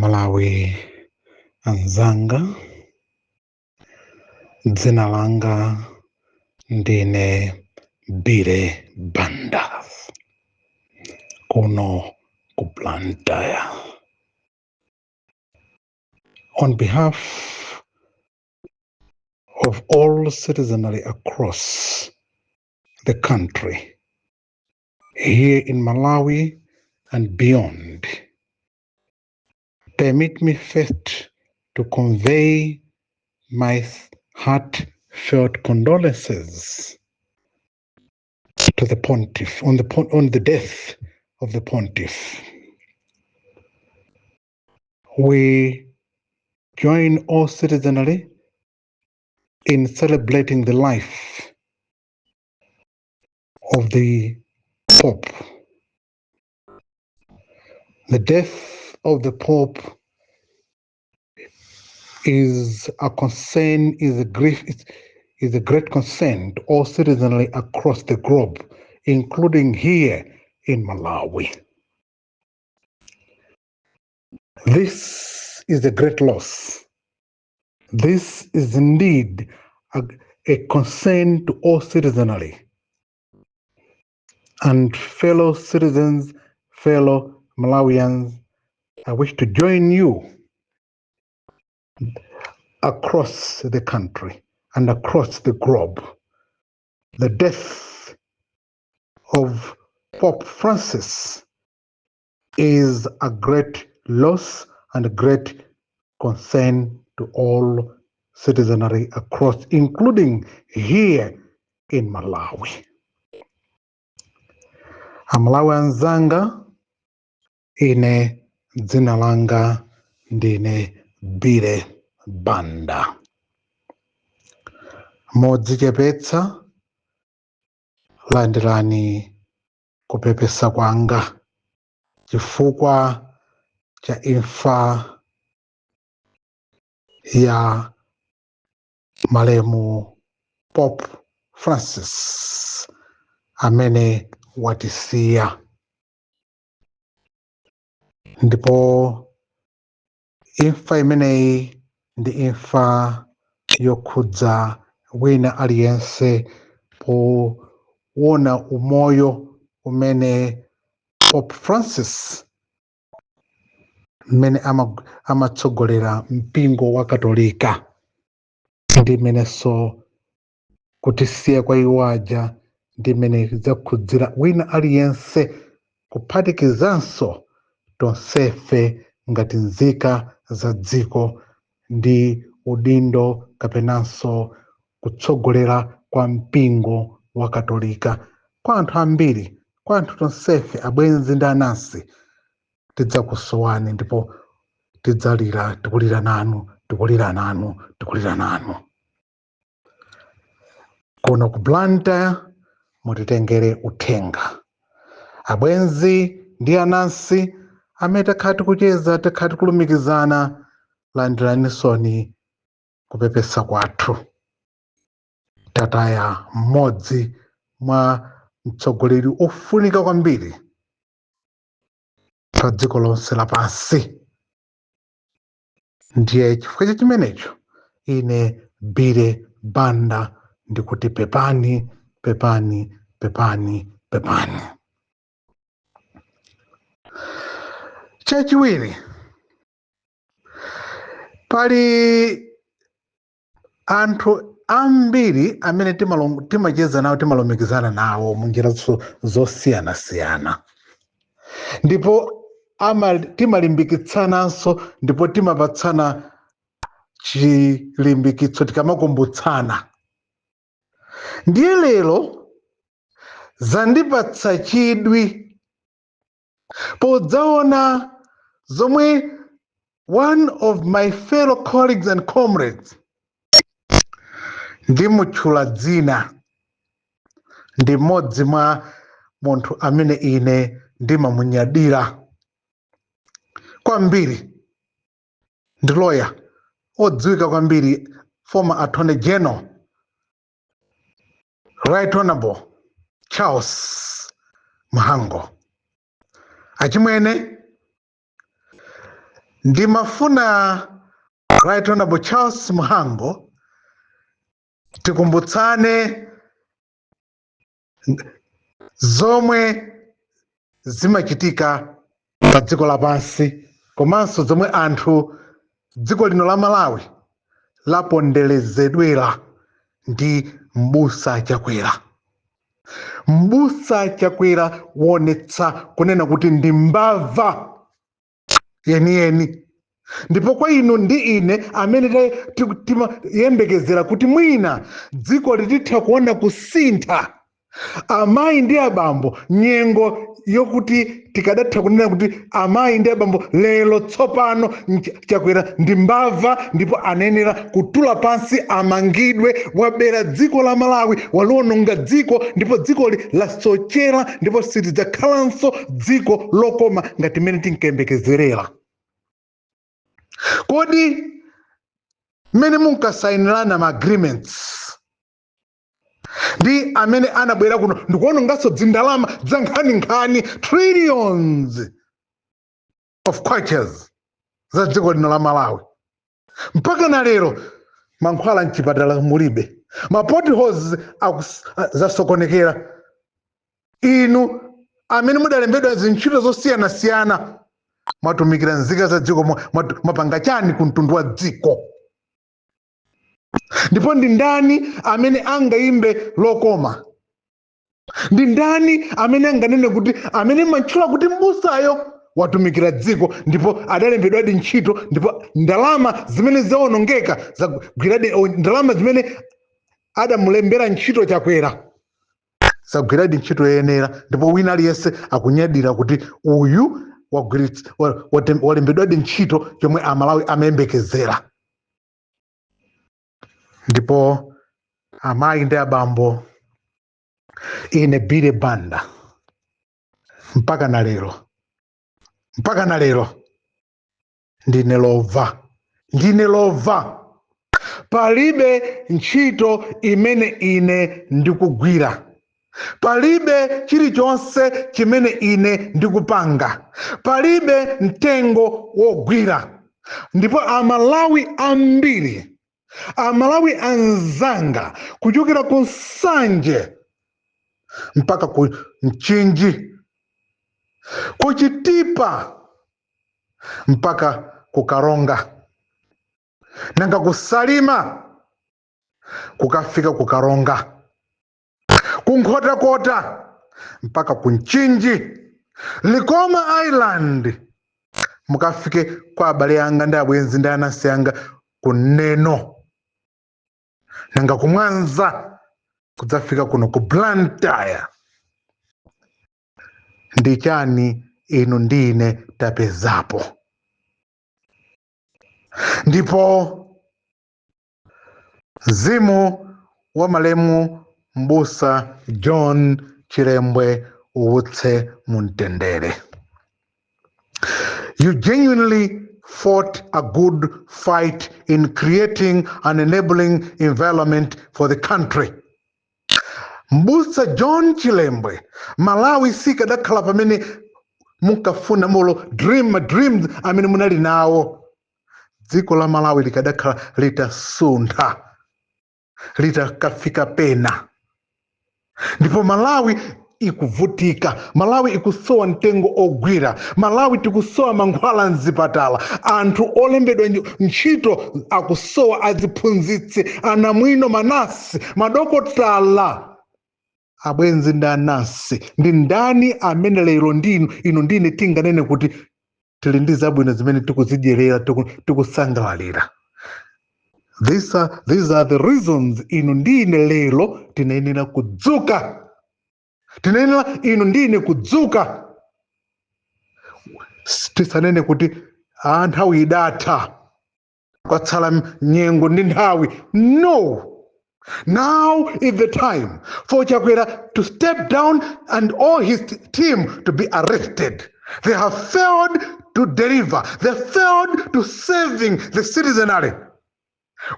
Malawi anzanga dzina langa ndine Bire Banda, kuno ku On behalf of all citizenry across the country, here in Malawi and beyond. Permit me first to convey my heartfelt condolences to the pontiff on the, on the death of the pontiff. We join all citizenry in celebrating the life of the Pope. The death of the Pope is a concern, is a grief, is a great concern to all citizenry across the globe, including here in Malawi. This is a great loss. This is indeed a, a concern to all citizenry and fellow citizens, fellow Malawians, I wish to join you across the country and across the globe. The death of Pope Francis is a great loss and a great concern to all citizenry across, including here in Malawi. amlawe anzanga ine dzina langa ndine bire banda modzichepetsa landirani kupepesa kwanga chifukwa cha imfa ya malemu pop francis amene watisiya ndipo imfa imeneyi ndi imfa yokhudza wina aliyense powona umoyo umene pope francis mmene amatsogolera ama mpingo wa katolika ndi mmenenso kutisiya kwa iwo aja ndimenyekeza kudzera wina aliyense kuphatikizanso tonsefe ngati nzika za dziko ndi udindo kapenanso kutsogolera kwa mpingo wa katolika kwa anthu ambiri kwa anthu tonsefe abwenzi ndi anansi tidzakusowani ndipo tidzalira tikulira nanu tikulira nanu tikulira nanu kuno ku blanta mutitengere uthenga abwenzi ndi anansi amene takhati kucheza takhati kulumikizana landiraninsoni kupepesa kwathu tataya mmodzi mwa mtsogoleri ofunika kwambiri pa dziko lonse lapansi ndiye chifukwa cha ine bire banda ndikuti pepani pepani pepani pepani. Cha chiwiri pali anthu ambiri amene timacheza nawo timalomekizana nawo munjira zosiyanasiyana ndipo timalimbikitsananso ndipo timapatsana chilimbikitso tikamakumbutsana ndiye lero chidwi podzaona zomwe one of my fellow colleagues and comrades ndimutchula dzina ndi mmodzi mwa munthu amene ine ndimamunyadira kwambiri ndi lawyer odziwika kwambiri former attorney general right honorable Charles mhango achimwene ndimafuna right honorable Charles mhango tikumbutsane zomwe zimachitika pa dziko lapansi komanso zomwe anthu dziko lino la Malawi laponderezedwera ndi mbusa chakwera mbusa chakwera wonetsa kunena kuti ndimbava yeniyeni ndipo kwa inu ndi ine amene timayembekezera kuti mwina dziko lititha kuona kusintha amayi ndi abambo nyengo yokuti tikadatha kunena kuti amayi ndi abambo lero tsopano chakwera ndi mbava ndipo anayenera kutula pansi amangidwe wabera dziko la malawi waliwononga dziko ndipo dzikoli lasochera ndipo silidzakhalanso dziko lokoma ngati mmene tinkayembekezerera kodi mmene munkasayinirana ma agreements ndi amene anabwera kuno ndikuononganso dzindalama za nkhaninkhani trillions of kwaches za dziko lino la malawi mpaka na lero mankhwala mchipatala mulibe mapotholes zasokonekera inu amene mudalembedwa zintchito zosiyanasiyana mwatumikira nzika za dziko mwapanga chani ku mtundu wa dziko ndipo ndi ndani amene angayimbe lokoma ndi ndani amene anganene kuti amene matchula kuti m'busayo watumikira dziko ndipo adalembedwadi ntchito ndipo ndalama zimene zaonongeka zagwiradi oh, ndalama zimene adamulembera ntchito chakwera sagwiradi ntchito yoyenera ndipo wina aliyense akunyadira kuti uyu walembedwadi ntchito chomwe amalawi amayembekezera ndipo amai ndi abambo ine bile banda mpaka na lero mpaka na lero ndine lova ndine lova palibe ntchito imene ine ndikugwira palibe chilichonse chimene ine ndikupanga palibe mtengo wogwira ndipo amalawi ambiri amalawi ah, anzanga kuchokera ku nsanje mpaka ku mchinji ku chitipa mpaka kukaronga nanga kusalima kukafika kukaronga kunkhotakota mpaka ku nchinji likoma island mukafike kwa abale yanga ndi abwenzi ndi yanga kuneno nanga ku kudzafika kuno ku ndi ndichani inu ndine tapezapo ndipo mzimu wa malemu mbusa john chirembwe utse mumtendere you genuinely fought a good fight in creating an enabling environment for the country mbusa john chilembwe malawi sika dakhala pamene munkafuna molo dream a dreams amene munali nawo dziko la malawi likadakhala litasuntha kafika pena ndipo malawi ikuvutika malawi ikusowa mtengo ogwira malawi tikusowa mangwala mzipatala anthu olembedwa ntchito akusowa aziphunzitsi anamwino manasi madokotala abwenzi ndi anasi ndi ndani amene lero ndinu inu ndine tinganene kuti tili ndi zabwino zimene tikuzidyerera tikusangalalira these are, these are the reasons inu ndine lero tinayenera kudzuka tinenera inu ndine kudzuka tisanene kuti a ah, nthawi idatha kwatsala nyengo ndi nthawi no Now is the time for Chakwera to step down and all his team to be arrested. They have failed to deliver, they failed to saving the citizenry.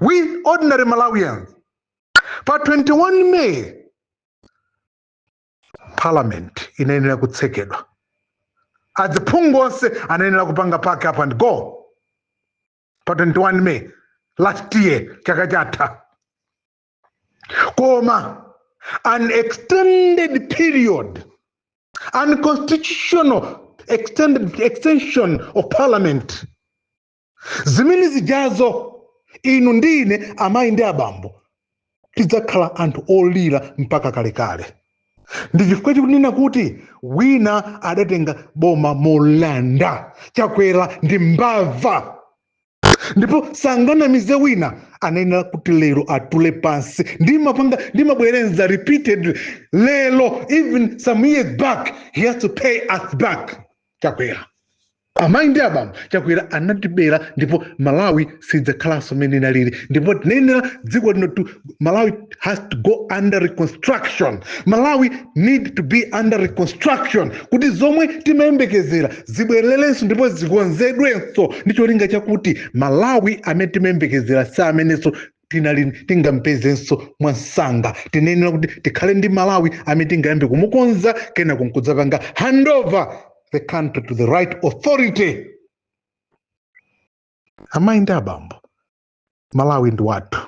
We ordinary Malawians, pa 21 May parliament inaendelea kutsekedwa adzipungose anaendelea kupanga pake up and go pa 21 may last year chaka chatha koma an extended period unconstitutional extended extension of parliament zimene zijazo inu ndine amayi ndi abambo tidzakhala anthu olira mpaka kalekale kale ndichifukwa chikunena kuti wina adatenga boma molanda chakwera ndi mbava ndipo sanganamize wina anena kuti lero atule pansi ndimapanga ndimabwerenza repeated lelo even some years back he has to pay us back chakwera amayi ndi abambo chakwera anatibera ndipo malawi sidzakhalanso mene nalili ndipo tinayenera dziko linotu malawi has to go under reconstruction malawi need to be under reconstruction kuti zomwe timayembekezera zibwererenso ndipo zikonzedwenso ndi cholinga chakuti malawi amene timayembekezera si amenenso tinalini tingampezenso mwansanga tinayenera kuti tikhale ndi malawi amene tingayambe kumukonza kena kunkuzapanga handover the country to the right authority. Amaenda abambo malawi ndi wathu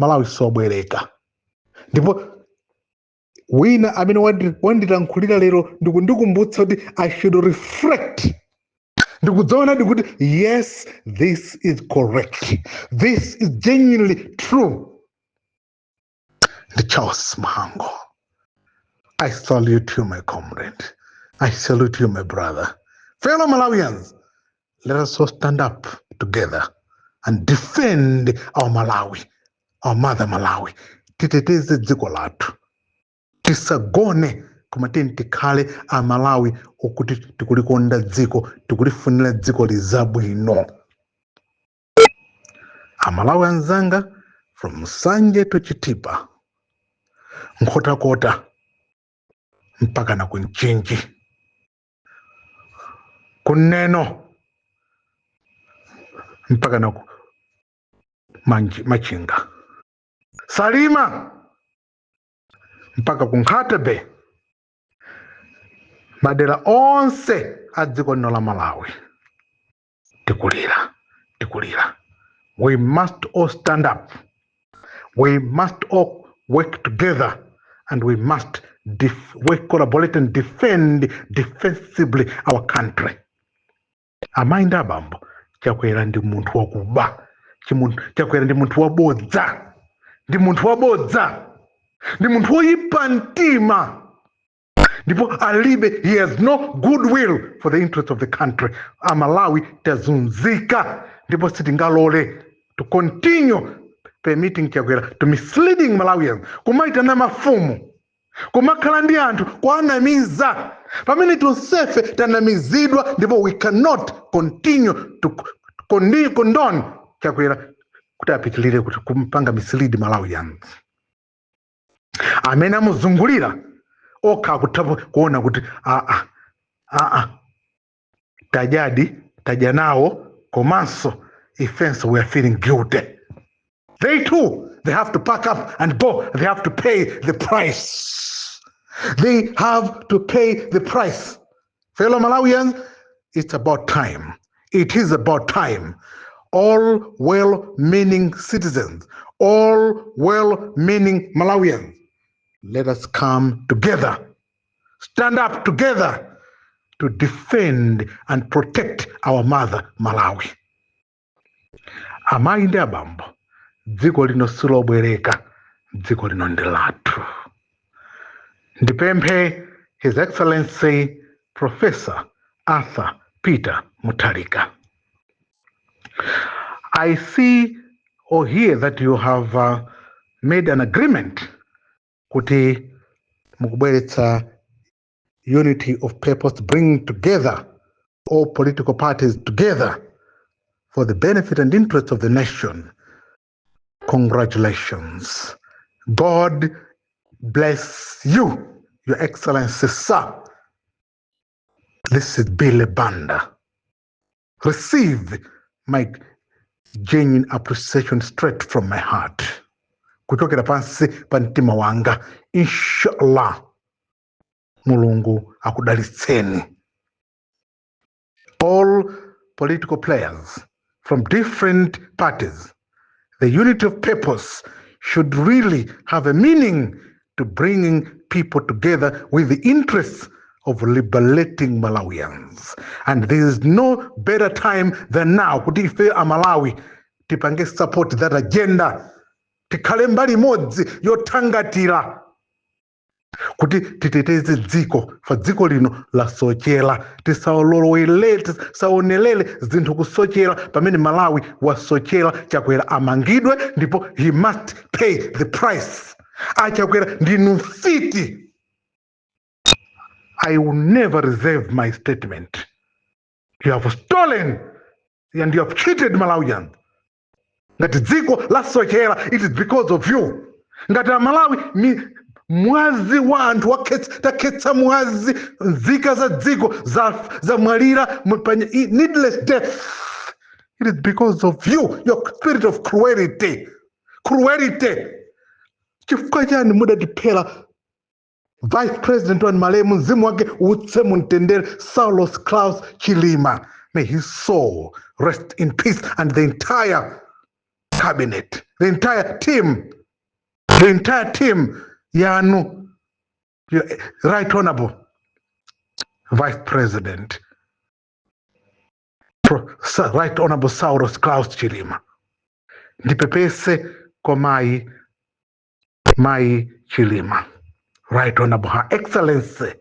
malawi sobwereka ndipo wina amene wanditankhulira lero ndikumbutsa kuti i should reflect ndikudzaona ndi kuti yes this is correct this is genuinely true ndi charles Mhango. i salute you my comrade I salute you, my brother. Fellow Malawians, let us all stand up together and defend our Malawi, our mother Malawi. Titeteze dziko lathu tisagone kumatentikale a malawi okuti tikulikonda dziko tikulifunira dziko lizabwino amalawi anzanga from sanje to chitipa nkhotakota mpaka na kunchinji kuneno mpaka na manji machinga salima mpaka kunkhatabe madera onse a dziko lino la malawi tikulira tikulira we must all stand up we must all work together and we must def- we collaborate and defend defensively our country amainde abambo chakwera ndi munthu wakuba chakwera ndi munthu wabodza ndi munthu wabodza ndi munthu woyipa mtima ndipo alibe he has no good will for the interest of the country amalawi tazunzika ndipo sitingalole to continue permitting chakwera to misleading malawians kumaitana mafumu kumakhala ndi anthu kwanamiza pamene tonsefe tanamizidwa ndipo we cannot continue to condone chakwera kuti apitilire kuti kumpanga misilidi malawi yanzi amene amuzungulira okha akuthapo kuona kuti aa aa tadyadi tadya nawo komanso ifenso we are feeling guilty they too They have to pack up and go. They have to pay the price. They have to pay the price. Fellow Malawians, it's about time. It is about time. All well meaning citizens, all well meaning Malawians, let us come together, stand up together to defend and protect our mother, Malawi. Amai Ndabambo dziko lino silobwereka dziko lino ndi lathu ndipemphe his excellency professor arthur peter Mutarika. i see or hear that you have uh, made an agreement kuti mukubweretsa unity of purpose bringing together all political parties together for the benefit and interest of the nation Congratulations. God bless you, Your Excellency, sir. This is Billy Banda. Receive my genuine appreciation straight from my heart kuchokera pansi pa mtima wanga inshallah mulungu akudalitseni all political players from different parties the unity of purpose should really have a meaning to bringing people together with the interests of liberating Malawians. And there is no better time than now kuti ife amalawi tipange support that agenda tikhale mbali imodzi yothangatira kuti titeteze dziko fa dziko lino lasochera tisaololowele tisaonelele zinthu kusochera pamene malawi wasochera chakwera amangidwe ndipo he must pay the price achakwera ndinu mfiti i will never reserve my statement you have stolen and you have cheated malawian ngati dziko lasochera it is because of you ngati amalawi mwazi wanthu takhetsa mwazi nzika za dziko zamwalira needless death it is because of you your spirit of cruelty cruelty chifukwa chani mudatiphera vice president wa malemu mzimu wake utse mumtendere saulos claus chilima may his soul rest in peace and the entire cabinet the entire team the entire team yanu right honorable vice president Pro, right honorable sauros klaus chilima ndipepese kwa mai mai chilima right honorable her excellency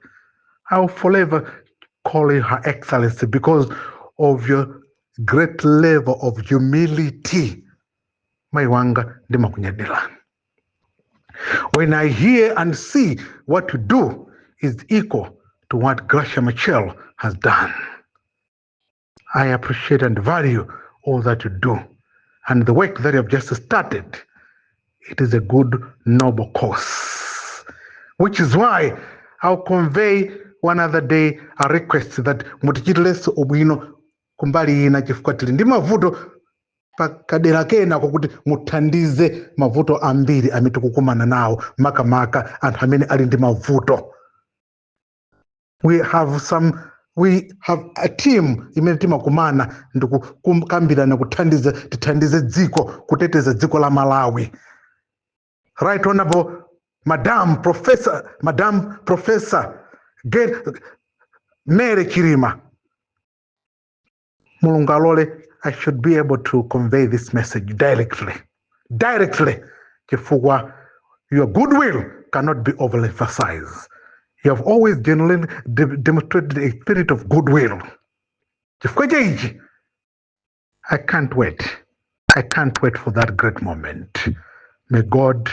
i will forever call you her excellency because of your great level of humility wanga ndimakunyadilani When I hear and see what you do is equal to what Gracia Machel has done. I appreciate and value all that you do and the work that you have just started. It is a good, noble cause, which is why I'll convey one other day a request that mutichitileso Obuino kumbali ina chifukwa tili kadera kena kwakuti muthandize mavuto ambiri amene tikukumana nawo makamaka anthu amene ali ndi mavuto we have some we have a team imene timakumana ndikukambirana kuthandiza tithandize dziko kuteteza dziko la malawi right honorable madam professor madam professor Get, mere chirima mulungu alole I should be able to convey this message directly. Directly. Kifugwa, your goodwill cannot be overemphasized. You have always genuinely de- demonstrated a spirit of goodwill. I can't wait. I can't wait for that great moment. May God,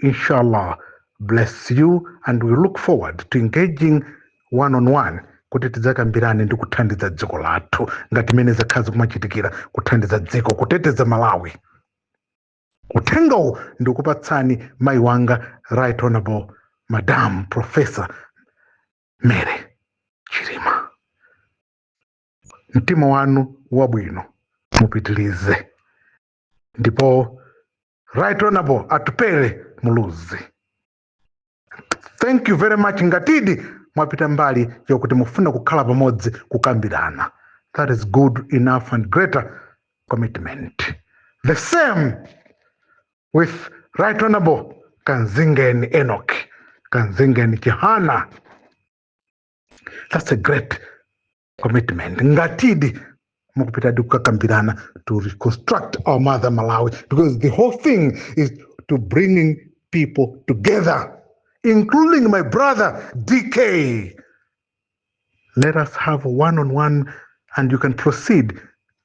inshallah, bless you, and we look forward to engaging one on one kuti tidzakambirane ndi kuthandiza dziko lathu ngati mene zakhazi kumachitikira kuthandiza dziko kuteteza malawi uthengawu ndikupatsani mayi wanga right honorable madam professor mere chirima mtima wanu wabwino mupitilize ndipo right honorable atupere muluzi thank you very much ngatidi mwapita mbali yokuti mufuna kukhala pamodzi kukambirana that is good enough and greater commitment the same with right honorable kanzingeni enoch kanzingeni chihana that's a great commitment ngatidi mukupita kukakambirana to reconstruct our mother malawi because the whole thing is to bringing people together including my brother DK. Let us have a one on one, and you can proceed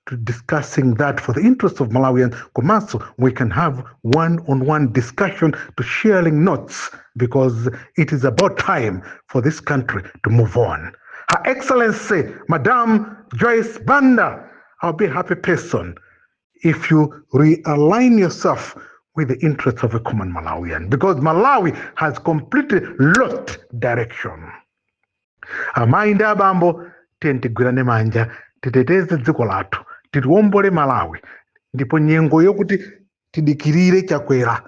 to discussing that for the interest of Malawian Komaso. We can have one on one discussion to sharing notes because it is about time for this country to move on. Her Excellency, Madame Joyce Banda, I'll be a happy person if you realign yourself with the interests of a common Malawian because Malawi has completely lost direction. Amainde abambo tiyentigwirane manja titeteze dziko lathu titiwombole Malawi ndipo nyengo yokuti tidikirire chakwera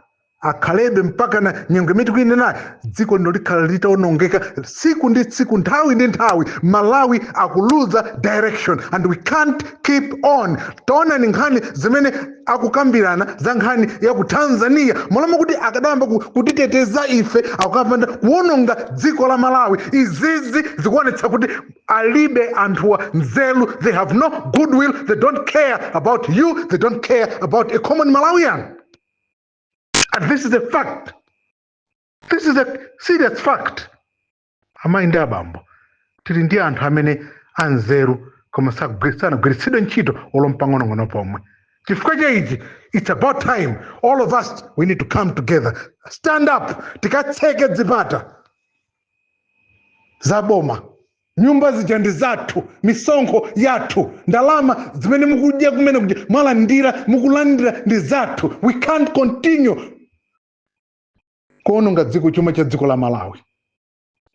akhalebe mpaka na nyengo imene tikuyinenayi dziko lino likhala litawonongeka tsiku ndi tsiku nthawi ndi nthawi malawi akuluza direction and we can't keep on taonani nkhani zimene akukambirana za nkhani ya ku tanzania malamo kuti akadayamba kutiteteza ife akukapanda kuwononga dziko la malawi izizi zikuonetsa kuti alibe anthuwa nzelu they have no goodwill they don't care about you they don't care about a common malawian And this is a fact. This is a serious fact. abambo tili ndi anthu amene anzeru koma sakugwirisana kugwirisidwe ntchito olo mpang'onong'ono pomwe chifukwa ichi it's about time all of us we need to come together stand up tikatseke dzipata zaboma nyumba zija ndi zathu misonkho yathu ndalama zimene mukudya kumene kudya mwalandira mukulandira ndi zathu we can't continue cha dziko la malawi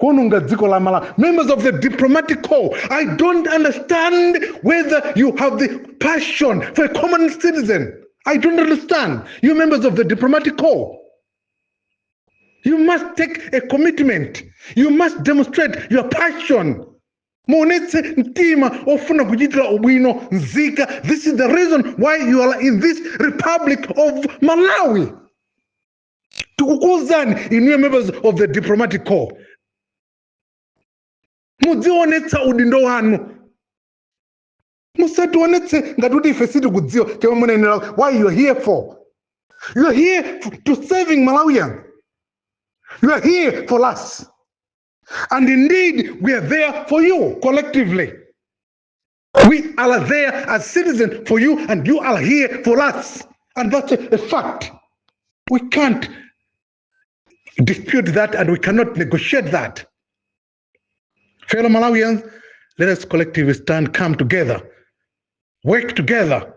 la malawi members of the diplomatic corps i don't understand whether you have the passion for a common citizen i don't understand you members of the diplomatic corps you must take a commitment you must demonstrate your passion muonetse mtima ofuna kuchitira ubwino nzika this is the reason why you are in this republic of malawi ukuzani inuye members of the diplomatic corps mudzionetsa udindo wanu musationetse ngati kuti ife sitikudziwa chomwe munayenera why youare here for You are here to saving malawian are here for us and indeed we are there for you collectively we are there as citizens for you and you are here for us and that's a, a fact we can't dispute that and we cannot negotiate that. Fellow Malawians, let us collectively stand, come together, work together,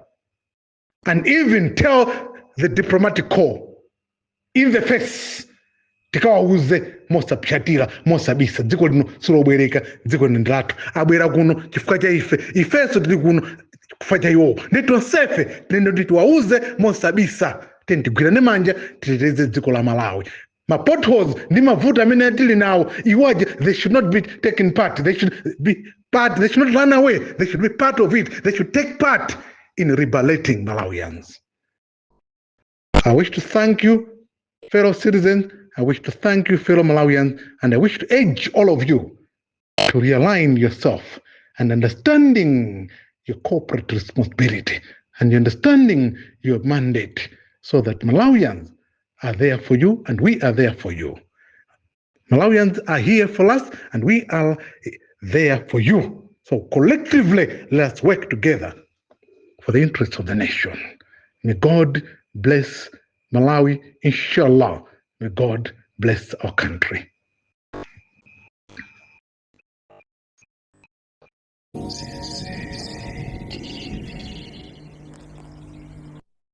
and even tell the diplomatic corps in the face tikawauze mosapyatira mosabisa dziko lino silobwereka dziko lino ndilathu abwera kuno chifukwa cha ife ifenso tili kuno chifukwa cha iwowo ndi tonsefe tinene kuti tiwauze mosabisa teni tigwirane manja titeteze dziko la malawi mapotholes ndimavuta amene atili nawo iwaje they should not be taking part they should be part they should not run away they should be part of it they should take part in rebalating malawians i wish to thank you fellow citizens i wish to thank you fellow malawians and i wish to urge all of you to realign yourself and understanding your corporate responsibility and understanding your mandate so that malawians are there for you, and we are there for you. Malawians are here for us, and we are there for you. So collectively, let's work together for the interests of the nation. May God bless Malawi, inshallah. May God bless our country.